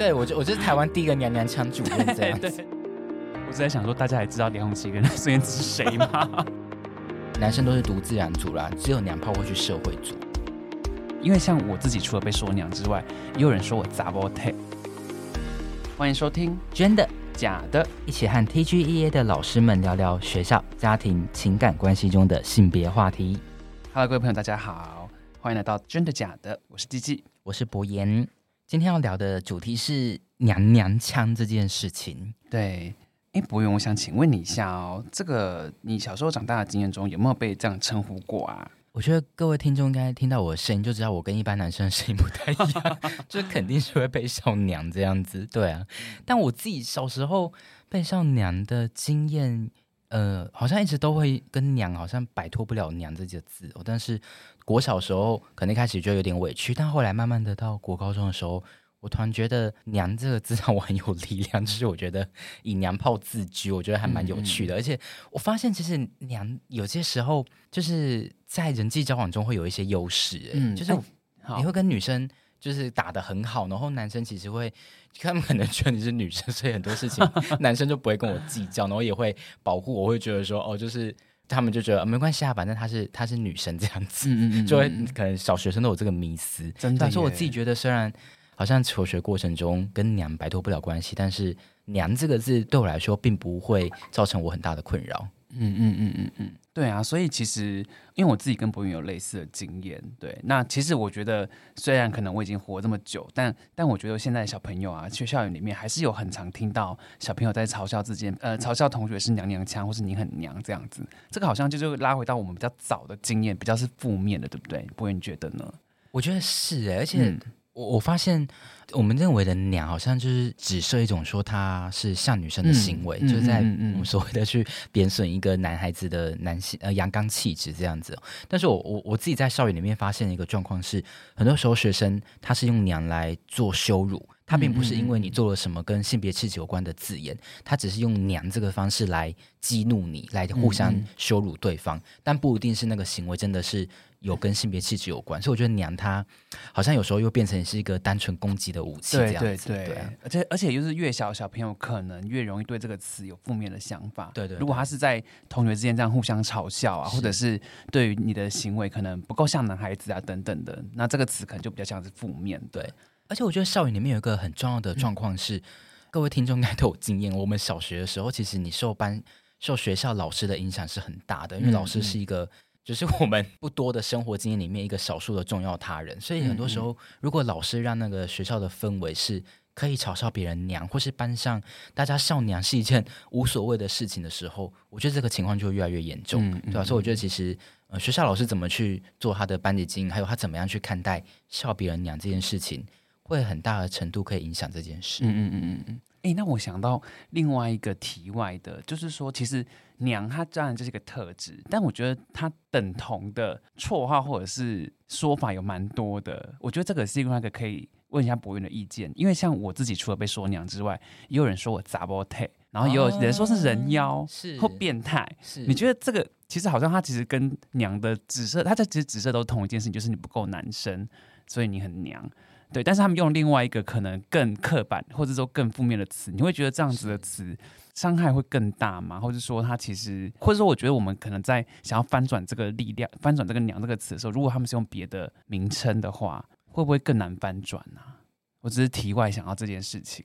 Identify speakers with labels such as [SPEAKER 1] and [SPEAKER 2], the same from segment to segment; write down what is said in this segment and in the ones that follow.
[SPEAKER 1] 對，我就是、我就是台灣第一個娘娘腔主任 這樣子對對。我是在想說，大家還知道梁詠琪跟孫燕姿是誰嗎？ 男生都是讀自然組啦，只有娘炮會去社會組。因為像我自己，除了被說娘之外，也有人說我砸包太。 歡迎收聽《真的 ender 假的》，一起和
[SPEAKER 2] TGEEA 的老師們聊聊學校、家庭、情感關係中的性別話題。
[SPEAKER 1] Hello，各位朋友，大家好，歡迎來到《真的 ender 假的》，我是、D、Gigi 我是薄鹽。今天要聊的主題是“娘娘腔”這件事情。對，誒，薄鹽，我想請問你一下哦，嗯、這個你小時候長大的經驗中有沒有被這樣稱呼過啊？我
[SPEAKER 2] 覺得各位聽眾應該聽到我的聲音就知道我跟一般男生的聲音不太一樣，這 肯定是會被笑娘這樣子。對啊，但我自己小時候被笑娘的經驗，呃，好像一直都會跟娘好像擺脫不了娘“娘”這幾個字哦，但是。我小時候可能一開始就有點委屈，但後來慢慢的到國高中的時候，我突然覺得“娘”這個字讓我很有力量，就是我覺得以娘炮自居，我覺得還蠻有趣的。嗯、而且我發現，其實“娘”有些時候就是在人際交往中會有一些優勢，欸，嗯、就是你會跟女生就是打得很好，然後男生其實會他們可能覺得你是女生，所以很多事情男生就不會跟我計較， 然後也會保護我，我會覺得說哦，就是。他們就覺得，啊，沒關係啊，反正她是她是女生這樣子，嗯嗯嗯，就會可能小學生都有這個迷思。真的，但是我自己覺得，雖然好像求學過程中跟娘擺脫不了關係，但是“娘”這個字對我來說，並不會造成我很大的困
[SPEAKER 1] 擾。嗯嗯嗯嗯嗯。對啊，所以其實因為我自己跟薄鹽有類似的經驗，對，那其實我覺得雖然可能我已經活這麼久，但但我覺得現在小朋友啊，去校園裡面還是有很常聽到小朋友在嘲笑自己，呃，嘲笑同學是娘娘腔或是你很娘這樣子，這個好像就是拉回到我們比較早的經驗，比較是負面的，對不對？薄鹽，你覺得呢？我覺得是，而且。嗯
[SPEAKER 2] 我發現，我們認為的“娘”好像就是只是一種說她是像女生的行為，嗯、就在我們所謂的去貶損一個男孩子的男性呃陽剛氣質這樣子，哦。但是我我我自己在校園裡面發現的一個狀況是，很多時候學生他是用“娘”來做羞辱。他並不是因為你做了什麼跟性別氣質有關的字眼，他只是用“娘”這個方式來激怒你，來互相羞辱對方。但不一定是那個行為真的是有跟性別氣質有關，所以我覺得“娘”她好像有時候又變成是一個單純
[SPEAKER 1] 攻擊的武器這樣子。對,對,對，對啊，而且而且就是越小小朋友可能越容易對這個詞有負面的想法。對,對對，如果他是在同學之間這樣互相嘲笑啊，是或者是對於你的行為可能不夠像男孩子啊等等的，那這個詞可能就比較像是負面。對。而
[SPEAKER 2] 且我覺得校園裡面有一個很重要的狀況是，嗯、各位聽眾應該都有經驗。我們小學的時候，其實你受班、受學校老師的影響是很大的，嗯、因為老師是一個，嗯、就是我們不多的生活經驗裡面一個少數的重要他人。所以很多時候，如果老師讓那個學校的氛圍是可以嘲笑別人娘，或是班上大家笑娘是一件無所謂的事情的時候，我覺得這個情況就會越來越嚴重，嗯、對吧？嗯、所以我覺得，其實呃，學校老師怎麼去做他的班級經營，還有他怎麼樣去看待笑別人娘這件事情，會
[SPEAKER 1] 很大的程度可以影響這件事。嗯嗯嗯嗯嗯。哎、欸，那我想到另外一個題外的，就是說，其實娘她當然這是一個特質，但我覺得她等同的綽號或者是說法有蠻多的。我覺得這個是一個可以問一下薄鹽的意見，因為像我自己除了被說娘之外，也有人說我雜包太，然後也有人說是人妖，是或變態。哦、是，是你覺得這個其實好像她其實跟娘的指涉，她這其實指涉都同一件事，就是你不夠男生，所以你很娘。對，但是他們用另外一個可能更刻板或者說更負面的詞，你會覺得這樣子的詞傷害會更大嗎？或者說他其實，或者說我覺得我們可能在想要翻轉這個力量，翻轉這個娘這個詞的時候，如果他們是用別的名稱的話，會不會更難翻轉呢？啊？我只是題外想到這件事情。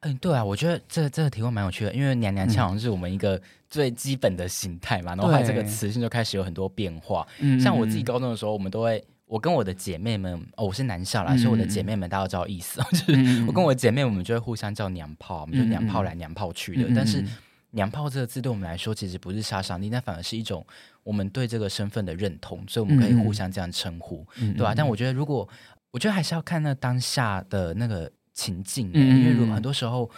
[SPEAKER 2] 嗯，對啊，我覺得這這個題目蠻有趣的，因為娘娘腔好像是我們一個最基本的形態嘛，嗯、然後後來這個詞性就開始有很多變化。嗯，像我自己高中的時候，我們都會。我跟我的姐妹們，哦、我是男校啦，嗯、所以我的姐妹們大家都知道意思。嗯、 就是我跟我的姐妹我們就會互相叫娘炮，嗯、我們就娘炮來娘炮去的。嗯、但是娘炮這個字對我們來說其實不是殺傷力，那、嗯、反而是一種我們對這個身份的認同，所以我們可以互相這樣稱呼，嗯、對吧、啊？但我覺得，如果我覺得還是要看那當下的那個情境、欸，嗯、因為如果很多時候，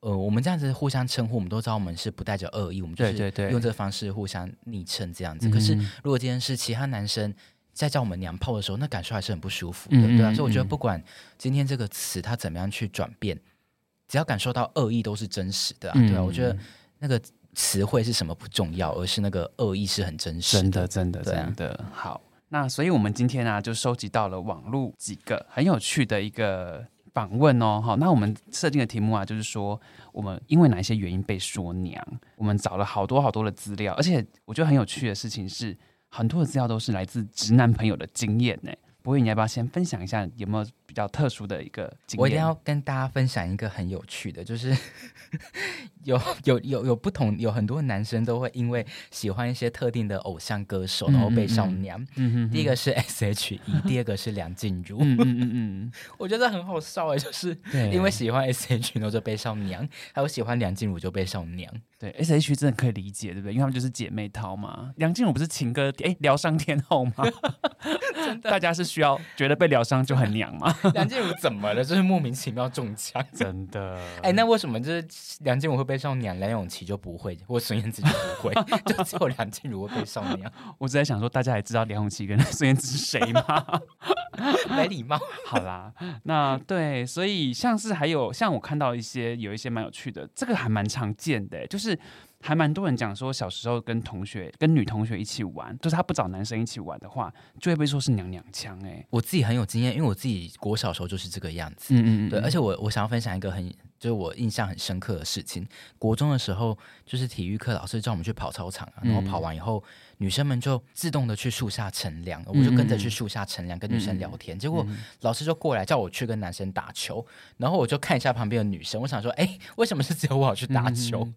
[SPEAKER 2] 呃，我們這樣子互相稱呼，我們都知道我們是不帶着惡意，我們就是用這個方式互相昵稱這樣子。嗯、可是如果今天是其他男生，在叫我們娘炮的時候，那感受還是很不舒服的，對，對啊，嗯嗯嗯，所以我覺得，不管今天這個詞它怎麼樣去轉變，嗯嗯嗯，只要感受到惡意，都是真實的、啊，嗯嗯，對啊，我覺得那個詞彙是什麼不重要，而是那個惡意是很真實的，真的，真的，對啊、真的。
[SPEAKER 1] 好，那所以我們今天啊就收集到了網絡幾個很有趣的一個訪問哦。好，那我們設定的題目啊，就是說我們因為哪一些原因被說娘？我們找了好多好多的資料，而且我覺得很有趣的事情是，很多的資料都是來自直男朋友的經驗呢。薄鹽，你要不要先分享一下有沒有比較特殊的一個經歷？我一定要跟大家分享一個很有趣的，就是有有有
[SPEAKER 2] 有不同，有很多男生都會因為喜歡一些特定的偶像歌手，然後被說娘。嗯嗯第一個是 SH, S H E，呵第二個是梁靜茹。嗯嗯嗯，
[SPEAKER 1] 嗯我覺得很好笑哎，就是因為喜歡 S H E，然後就被說娘；對還有喜歡梁靜茹就被說娘。 對 S H E 真的可以理解，對不對？因為他們就是姐妹淘嘛。梁靜茹不是情歌哎療傷天后嗎？ 真的大家是需要覺得被療傷就很娘嗎？ 梁靜茹怎麼了？就是莫名其妙中槍， 真的。
[SPEAKER 2] 哎、欸，那為什麼就是梁靜茹會被說娘？梁詠琪就
[SPEAKER 1] 不會，我孫燕姿就不會， 就只有梁靜茹會被說娘？ 我只在想說，大家還知道梁詠琪跟孫燕姿是誰嗎？沒禮貌。好啦，那對，所以像是還有像我看到一些有一些蠻有趣的，這個還蠻常見的、欸，就是。還蠻多人講說，小時候跟同學、跟女同學一起玩，就是他不找男生一起玩的話，就會被說是娘娘腔哎、欸。我自己很有經驗，因為我自己國小時候就是這個樣子，嗯
[SPEAKER 2] 嗯嗯。對，而且我我想要分享一個很，就是我印象很深刻的事情。國中的時候，就是體育課老師叫我們去跑操場啊，然後跑完以後。嗯女生們就自動的去樹下乘涼，我就跟着去樹下乘涼，跟女生聊天。結果老師就過來叫我去跟男生打球，然後我就看一下旁邊的女生，我想說，哎，為什麼是只有我要去打球？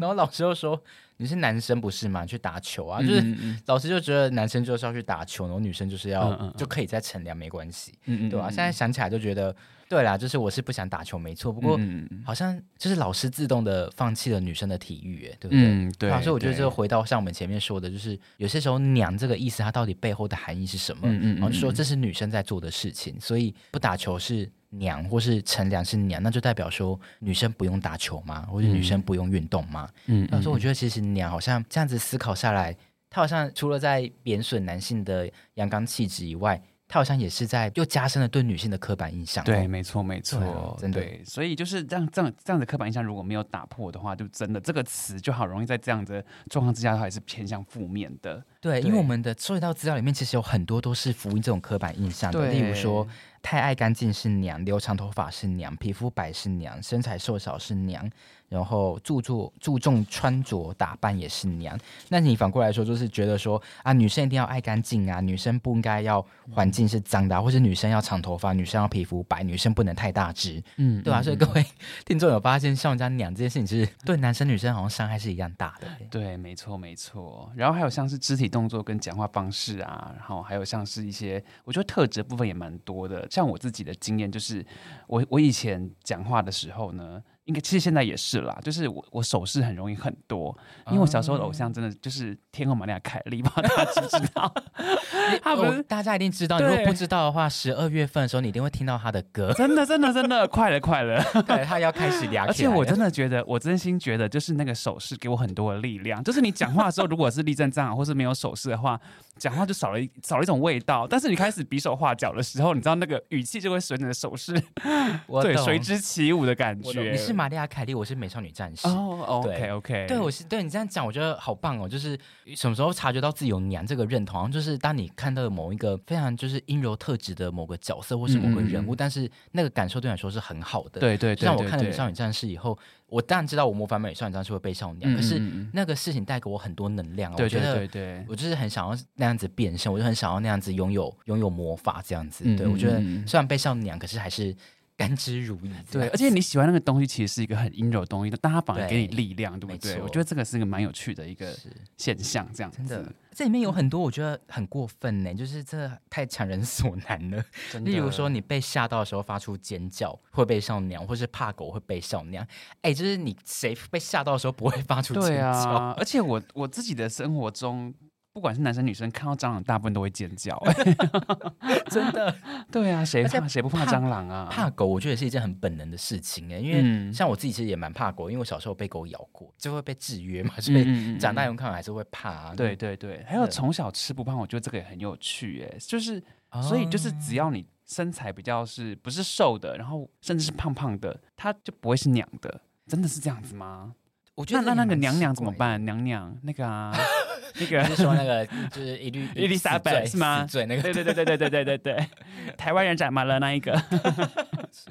[SPEAKER 2] 然後老師又說，你是男生不是嗎？去打球啊！就是老師就覺得男生就是要去打球，然後女生就是要就可以在乘涼沒關係，對啊？現在想起來就覺得，對啦，就是我是不想打球沒錯，不過好像就是老師自動的放棄了女生的體育，對不對？對，所以我覺得就回到像我們前面說的，就是。有些時候“娘”這個意思，它到底背後的含義是什麼？然後、嗯嗯嗯啊、說這是女生在做的事情，嗯嗯、所以不打球是娘，或是乘涼是娘，那就代表說女生不用打球嗎？嗯、或者女生不用運動嗎？嗯，然、嗯、後、嗯啊、所以我覺得其實“娘”好像這樣子思考下來，它好像除了在貶損男性的陽剛氣質以外。他好像也是在又加深了對女性的刻板印象。對，沒錯，
[SPEAKER 1] 沒錯，對真的對。所以就是這樣，這樣這樣的刻板印象如果沒有打破的話，就真的這個詞就好容易在這樣的狀況之下，還是偏向負面的。
[SPEAKER 2] 對，因為我們的
[SPEAKER 1] 所有資料裡
[SPEAKER 2] 面，其實有很多都是符合這種刻板印象的。對例如說，太愛乾淨是娘，留長頭髮是娘，皮膚白是娘，身材瘦小是娘，然後注重注重穿着打扮也是娘。那你反過來說，就是覺得說啊，女生一定要愛乾淨啊，女生不應該要環境是髒的、啊，或者女生要長頭髮，女生要皮膚白，女生不能太大隻，嗯，對吧、啊？嗯、所以各
[SPEAKER 1] 位聽眾有發現，像我們家娘這件事情、就是，其實對男生女生好像傷害是一樣大的。對，沒錯沒錯。然後還有像是肢體。動作跟講話方式啊，然後還有像是一些，我覺得特質的部分也蠻多的。像我自己的經驗，就是我我以前講話的時候呢。應該其實現在也是啦，就是我我手勢很容易很多，因為我小時候的偶像真的就是天后瑪利亞凱莉吧，大
[SPEAKER 2] 家知道？啊 大家一定知道，對如果不知
[SPEAKER 1] 道的話，十二月份的時候你一定會聽到他的歌，真的真的真的快了快了， 對他要開始了解。而且我真的覺得，我真心覺得，就是那個手勢給我很多的力量，就是你講話的時候，如果是立正站或是沒有手勢的話。講話就少了一少了一種味道，但是你開始比手畫腳的時候，你知道那個語氣就會隨着你的手勢，懂 對，隨之起舞的感覺。你是瑪
[SPEAKER 2] 利亞凱莉，我是美少女戰士。哦、oh，OK OK，對，我是對你這樣講，我覺得好棒哦。就是什麼時候察覺到自己有娘這個認同，就是當你看到了某一個非常就是陰柔特質的某個角色或是某個人物，嗯、但是那個感受對你來說是很好的。對對對，對，對，對對對，像我看了美少女戰士以後。我當然知道，我魔法美少女戰士是會被笑娘。嗯嗯，可是那個事情帶給我很多能量。對對對對，我覺得，我就是很想要那樣子變身，我就很想要那樣子擁有擁有魔法這樣子。嗯嗯，對我覺得，雖然被笑娘，可是還是。甘
[SPEAKER 1] 之如飴。對，是而且你喜歡那個東西，其實是一個很陰柔的東西，但它反而給你力量，對，對不對？錯我覺得這個是一個蠻有趣的一個現象。這樣子真
[SPEAKER 2] 的，這裡面有很多我覺得很過分呢，欸，就是這太強人所難了。的例如說，
[SPEAKER 1] 你被嚇到的時候發出尖叫會被笑娘，或是怕狗會被笑娘。哎，欸，就是你誰被嚇到的時候不會發出尖叫？啊、而且我我自己的生活中，不管是男生女生，看到蟑螂大部分都會尖叫、欸， 真的。對啊，誰怕誰不怕蟑螂啊？怕，怕狗，我
[SPEAKER 2] 覺得也是一件很本能的事情哎、欸。因為像我自己其實也蠻怕狗，因為我小時候被狗咬過，就會被
[SPEAKER 1] 制約嘛，所以、嗯、長大以後看還是會怕、啊。對對對，還有從小吃不胖，我覺得這個也很有趣哎、欸。就是，嗯、所以就是只要你身材比較是不是瘦的，然後甚至是胖胖的，它就不會是娘的。真的是這樣子嗎？我覺得那那那個娘娘怎麼辦？娘娘那個啊。 那個是說那個就是伊麗伊麗莎白是嗎？對對對對對對對對對， 台灣人長滿了那一個。 是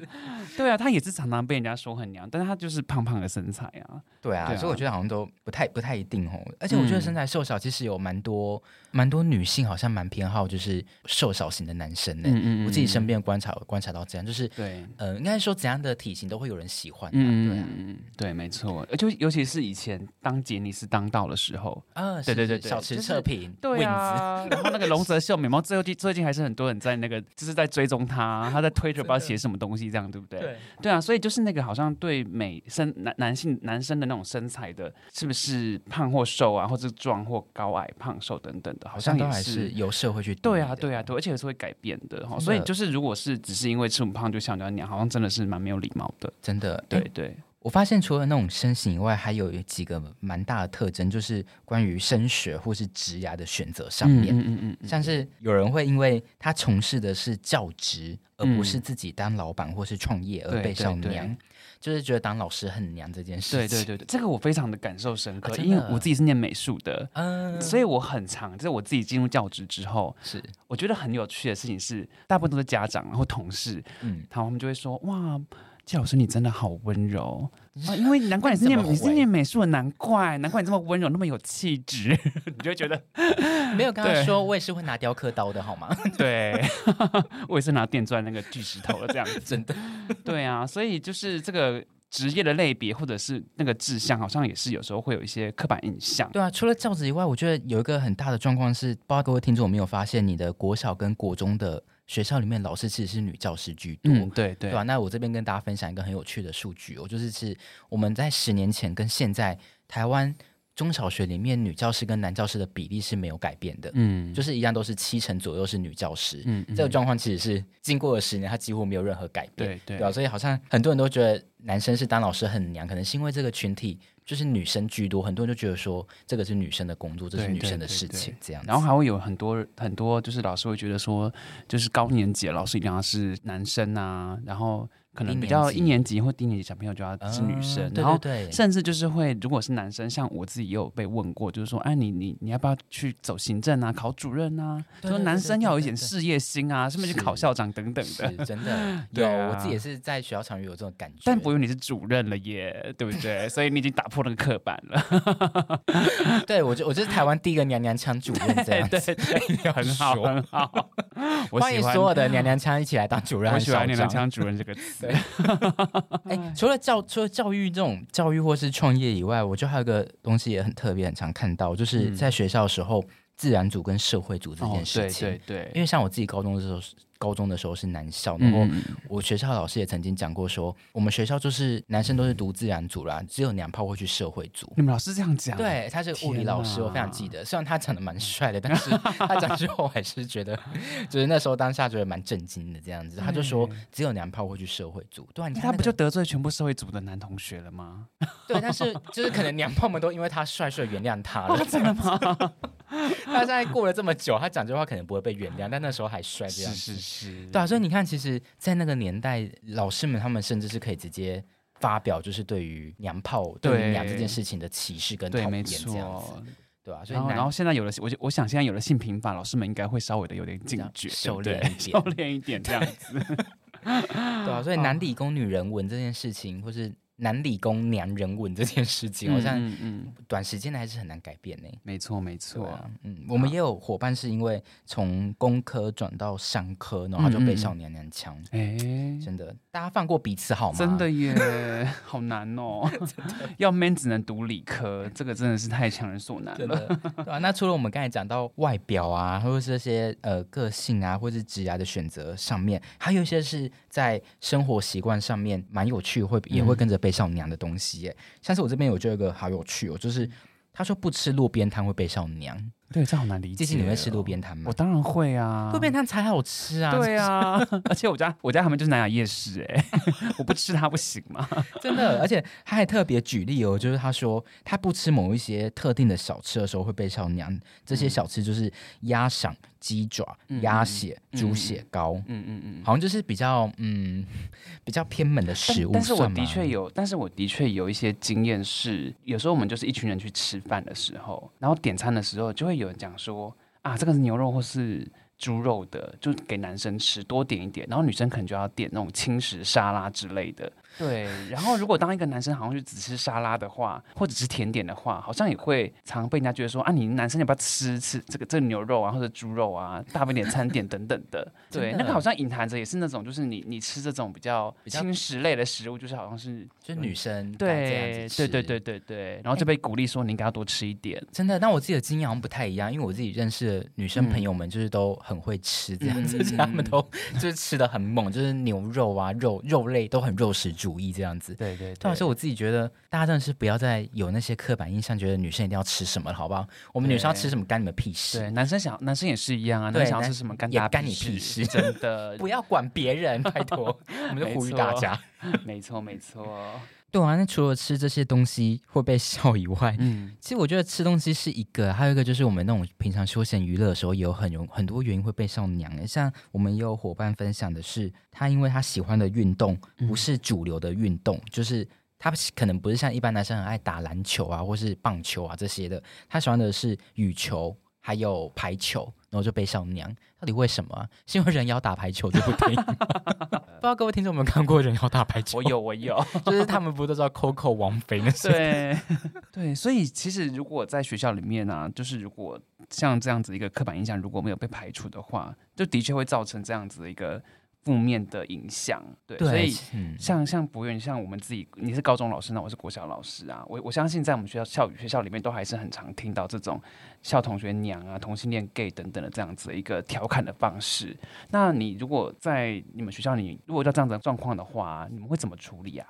[SPEAKER 1] 對啊，他也是常常被人家說很娘，但是他就是胖胖的身材啊。對啊，對啊，所以我覺得好像
[SPEAKER 2] 都不太不太一定哦。而且我覺得身材瘦小，其實有蠻多蠻、嗯、多女性好像蠻偏好就是瘦小型的男生呢。嗯嗯，我自己身邊觀察觀察到這樣，就是對，呃，
[SPEAKER 1] 應該說怎樣的體型都會有人喜歡、啊。嗯、啊、嗯嗯，對，沒錯。就尤其是以前當傑尼斯當道的時候啊，對對對對，小池測評、就是，對啊。W ins, 然後那個瀧澤秀美貌，最近最近還是很多人在那個就是在追蹤他，他在 Twitter 不知道寫什麼東西。 東西這樣對不對？對，對啊，所以就是那個好像對美身男男性男生的那種身材的，是不是胖或瘦啊，或者壯或高矮胖瘦等等的，好像也是
[SPEAKER 2] 由社會去定
[SPEAKER 1] 義的，對啊，對啊，對，而且也是會改變的，的，哦，所以就是如果是只是因為吃很胖就想要娘，好像真的是蠻沒有禮貌的，真的，對對。對欸
[SPEAKER 2] 我發現除了那種身形以外，還有幾個蠻大的特徵，就是關於升學或是職涯的選擇上面。嗯嗯，嗯，嗯像是有人會因為他從事的是教職，嗯、而不是自己當老闆或是創
[SPEAKER 1] 業而被笑娘，對對對。就是覺得當老師很娘這件事情。對對對對，這個我非常的感受深刻，啊、因為我自己是念美術的，嗯、啊，所以我很常就是我自己進入教職之後，是我覺得很有趣的事情是，大部分都是家長然後同事，嗯，然後他們就會說哇。紀老師，你真的好溫柔，啊、因為難怪你是念你，你是念美術的，難怪難怪你這麼溫柔，那麼有氣質， 你就會覺得，沒有剛剛說，對我也是會拿雕刻刀的，好嗎？對， 我也是拿電鑽那個鋸石頭的這樣子，真的。對啊，所以就是這個職業的類別或者是那個志向，好像也是有時候會有一些刻板印象。
[SPEAKER 2] 對啊，除了教子以外，我覺得有一個很大的狀況是，不知道各位聽眾有沒有發現，你的國小跟國中的學校裡面老師其實是女教師居多，嗯、對對，對啊，那我這邊跟大家分享一個很有趣的數據哦，哦就是是我們在十年前跟現在台灣中小學裡面女教師跟男教師的比例是沒有改變的，嗯，就是一樣都是七成左右是女教師，嗯，嗯，嗯，這個狀況其實是經過了十年，它幾乎沒有任何改變，對對吧，啊？所以好像很多人都覺得男生是當老師很娘，可能是因為這個群體。就是女生居多，
[SPEAKER 1] 很多人就覺得說這個是女生的工作，這是女生的事情，對對對對，這樣子。然後還會有很多很多，就是老師會覺得說，就是高年級老師一定要是男生啊，然後。可能比較一年級或低年級小朋友就要是女生，然後甚至就是會，如果是男生，像我自己也有被問過，就是說，哎，你你你要不要去走行政啊，考主任啊？說男生要有一點事業心啊，是不是去考校長等等的。真的，有，我自己也是在學校場有這種感覺，但不用你是主任了耶，對不對？所以你已經打破那個刻板了。
[SPEAKER 2] 對，我就我就是台灣第一個娘娘腔主任，對
[SPEAKER 1] 對對，很好很好。歡迎所有的娘娘
[SPEAKER 2] 腔一起來當主任，我喜歡娘娘腔主任這個對， 欸，除了教除了教育這種教育或是創業以外，我覺得還有一個東西也很特別，很常看到，就是在學校的時候，嗯，自然組跟社會組這件事情。哦，對對對，因為像我自己高中的時候。高中的時候是男校，然後我學校老師也曾經講過說，說、嗯、我們學校就是男生都是讀自然組啦，只有娘炮會去社會組。你們老師這樣講？對，他是物理老師，哪我非常記得。雖然他長得蠻帥的，但是他講之後我還是覺得， 就是那時候當下覺得蠻震驚的這樣子。對他就說，只有娘炮會去社會
[SPEAKER 1] 組，對，啊，你看、那個、他不就得罪全部社會組的男同學了嗎？
[SPEAKER 2] 對，但是就是可能娘炮們都因為他帥，帥原諒他了、哦，真的嗎？ 他現在過了這麼久，他講這話可能不會被原諒， 但那時候還帥這樣。是是，是對啊，所以你看，其實，在那個年代，老師們他們甚至是可以直接發表，就是對於娘炮對，對娘這件事情的歧視
[SPEAKER 1] 跟討厭這樣對，對啊，所以然後，然後現在有了，我就我想現在有了性平法，老師們應該會稍微的有點警覺，收斂一點，收斂一點這樣子。對, 對啊，所以男理
[SPEAKER 2] 工女人文這件事情，啊、或是。男理工娘人文這件事情，哦，好像短時間還是很難改變呢？沒錯，沒錯，啊。嗯，嗯，我們也有夥伴是因為從工科轉到商科，然後就被笑娘娘腔。嗯嗯，真的，欸，大家放過彼此好嗎？真的
[SPEAKER 1] 耶，好難哦。 的 要 man 只能讀理科，這個真的是太強人所難了。 對啊，那除了我們剛才講到外表啊，或是這些
[SPEAKER 2] 呃個性啊，或是職業的選擇上面，還有一些是。在生活習慣上面蠻有趣，會也會跟着被說娘的東西耶。哎、嗯，像是我這邊有這個好有趣哦，就是他說不吃路邊攤會被說娘，對，這好難理解、哦。紀紀你會吃路邊攤嗎？我當然
[SPEAKER 1] 會啊，路邊攤才好吃啊！對啊，就是、 而且我家我家旁邊就是南雅夜市，哎， 我不吃它不行嗎？ 真的，而且他還特別舉例哦，就是他說他不吃
[SPEAKER 2] 某一些特定的小吃的時候會被說娘，這些小吃就是鴨賞。嗯雞爪、鴨
[SPEAKER 1] 血、豬血糕，嗯嗯嗯，
[SPEAKER 2] 嗯嗯，好像就是比較嗯，比較偏門的食物。但，但是我的確
[SPEAKER 1] 有，但是我的確有一些經驗是，有時候我們就是一群人去吃飯的時候，然後點餐的時候就會有人講說啊，這個是牛肉或是豬肉的，就給男生吃多點一點，然後女生可能就要點那種輕食沙拉之類的。對，然後如果當一個男生好像就只吃沙拉的話，或者是甜點的話，好像也會常常被人家覺得說啊，你男生要不要吃吃這個這個牛肉啊，或者豬肉啊，大份點餐點等等的。 的對，那個好像隱含着也是那種，就是你你吃這種比較輕食類的食物，就是好像是就女生對對對對對對，然後就被鼓勵
[SPEAKER 2] 說你應該要多吃一點，欸、一點真的。但我自己的經驗好像不太一樣，因為我自己認識的女生朋友們就是都很會吃這樣子，他們都就是吃得很猛， 就是牛肉啊肉肉類都很肉食。主義這樣子，對，對對，對，但是我自己覺得，大家真的是不要再有那些刻板印象，覺得女生一定要吃什麼了，好不好？我們女生要吃什麼，干你們屁事？男生想，男生也是一樣啊，對男生想要吃什麼干，干干你屁事？真的，
[SPEAKER 1] 不要管別人， 拜託託， 我們就呼籲大家，沒錯錯， 沒錯。
[SPEAKER 2] 對啊，那除了吃這些東西會被笑以外，嗯，其實我覺得吃東西是一個，還有一個就是我們那種平常休閒娛樂的時候，也有很容很多原因會被笑娘耶。像我們也有伙伴分享的是，他因為他喜歡的運動不是主流的運動，嗯、就是他可能不是像一般男生很愛打籃球啊，或是棒球啊這些的，他喜歡的是羽球。還有排球，然後就被上娘。到底為什麼？是因為人妖打排球就不對？ 不知道各位聽眾有沒有看過人妖打
[SPEAKER 1] 排球？我有，我有， 就是他們不都知道 Coco 王菲嗎？對，對，所以其實如果在學校裡面呢、啊，就是如果像這樣子一個刻板印象如果沒有被排除的話，就的確會造成這樣子的一個。負面的影響，對，對，所以像像薄鹽像我們自己，你是高中老師，那我是國小老師啊，我我相信在我們學校校學校裡面都還是很常聽到這種校同學娘啊、同性戀 gay 等等的這樣子的一個調侃的方式。那你如果在你們學校裡，如果遇到這樣的狀況的話，你們會怎麼處理啊？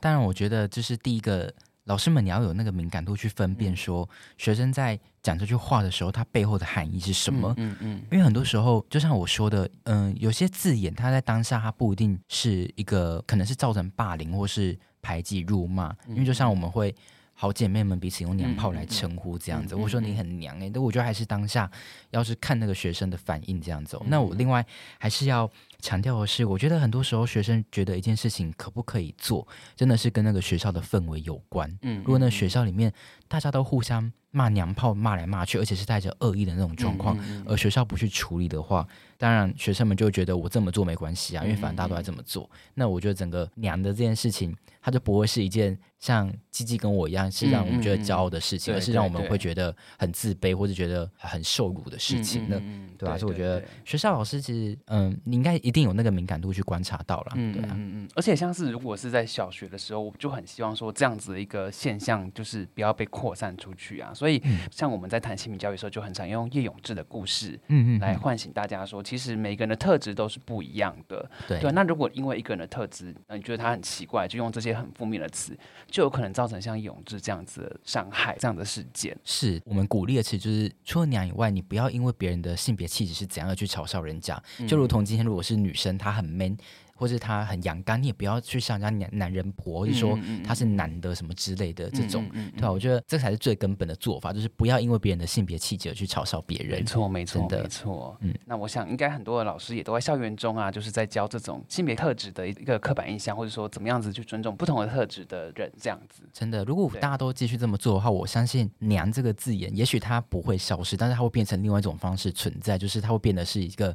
[SPEAKER 1] 當
[SPEAKER 2] 然，我覺得這是第一個。老師們，你要有那個敏感度去分辨，說學生在講這句話的時候，他背後的含義是什麼？嗯嗯，嗯嗯，因為很多時候，就像我說的，嗯，有些字眼，它在當下，它不一定是一個，可能是造成霸凌或是排擠、辱罵、嗯。嗯、因為就像我們會好姐妹們彼此用娘炮來稱呼這樣子，嗯嗯嗯、我說你很娘誒、欸，但我覺得還是當下要是看那個學生的反應這樣子、喔，嗯、那我另外還是要強調的是，我覺得很多時候學生覺得一件事情可不可以做，真的是跟那個學校的氛圍有關。嗯，嗯，嗯，如果那學校裡面大家都互相罵娘炮，罵來罵去，而且是帶着惡意的那種狀況，嗯嗯嗯，而學校不去處理的話，當然學生們就覺得我這麼做沒關係啊，因為反正大家都在這麼做。嗯嗯嗯，那我覺得整個娘的這件事情，它就不會是一件像紀紀跟我一樣是讓我們覺得驕傲的事情，而是讓我們會覺得很自卑或者覺得很受辱的事情呢。那、嗯嗯嗯。對、啊，所以我覺得學校老師其實，對對對嗯，你應該一定有那個敏感度去觀察到了，對啊，嗯嗯。
[SPEAKER 1] 而且像是如果是在小學的時候，我就很希望說這樣子的一個現象就是不要被擴散出去啊。所以像我們在談性平教育的時候，就很常用葉永志的故事，嗯嗯，來喚醒大家說，其實每個人的特質都是不一樣的，對，對、啊。那如果因為一個人的特質，呃，你覺得他很奇怪，就用這些很負面的詞，就有可能造成像永志這樣子的傷害這樣的事件。
[SPEAKER 2] 是我們鼓勵的詞就是，除了娘以外，你不要因為別人的性別。氣質是怎樣去嘲笑人家？嗯、就如同今天，如果是女生，她很 man。或者他很陽剛，你也不要去像人家男男人婆，就、嗯嗯、說他是男的什麼之類的這種，嗯嗯嗯、對吧？我覺得這才是最根本的做法，就是不要因為別人的性別氣質而去嘲笑別人。沒錯，沒錯，的沒錯錯。嗯。
[SPEAKER 1] 那我想，應該很多的老師也都在校園中啊，就是在教這種性別特質的一個刻板印象，或者說怎麼樣子去尊重不同的特質的人，這樣子。真的，對如
[SPEAKER 2] 果大家都繼續這麼做的話，我相信“娘”這個字眼，也許它不會消失，但是它會變成另外一種方式存在，就是它會變得是一個。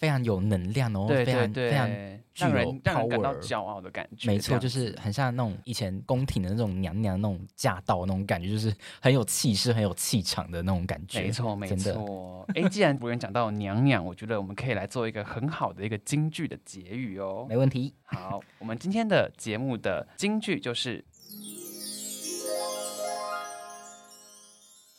[SPEAKER 2] 非常有能量哦，哦，非常非常讓人讓我感到
[SPEAKER 1] 驕傲的感覺。沒錯，就是
[SPEAKER 2] 很像那種以前宮廷的那種娘娘那種駕到那種感覺，就是很有氣勢、很有氣場的那種感覺。沒錯，沒錯。哎的
[SPEAKER 1] 欸，既然薄鹽講到娘娘，我覺得我們可以來做一個很好的一個京劇的結語哦。沒問題。好，我們今天的節目的京劇就是。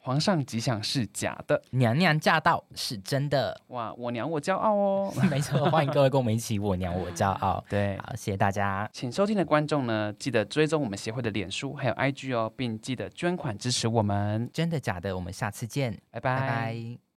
[SPEAKER 1] 皇上吉祥是假的，娘娘駕到是真的。哇，我娘我驕傲哦！ 沒錯，歡迎各位
[SPEAKER 2] 跟我們一起， 我娘我驕傲。
[SPEAKER 1] 對，好，謝謝大家，請收聽的觀眾呢，記得追蹤我們協會的臉書還有 IG 哦，並記得捐款支
[SPEAKER 2] 持我們。真的假的？我們下次見，拜拜。拜拜。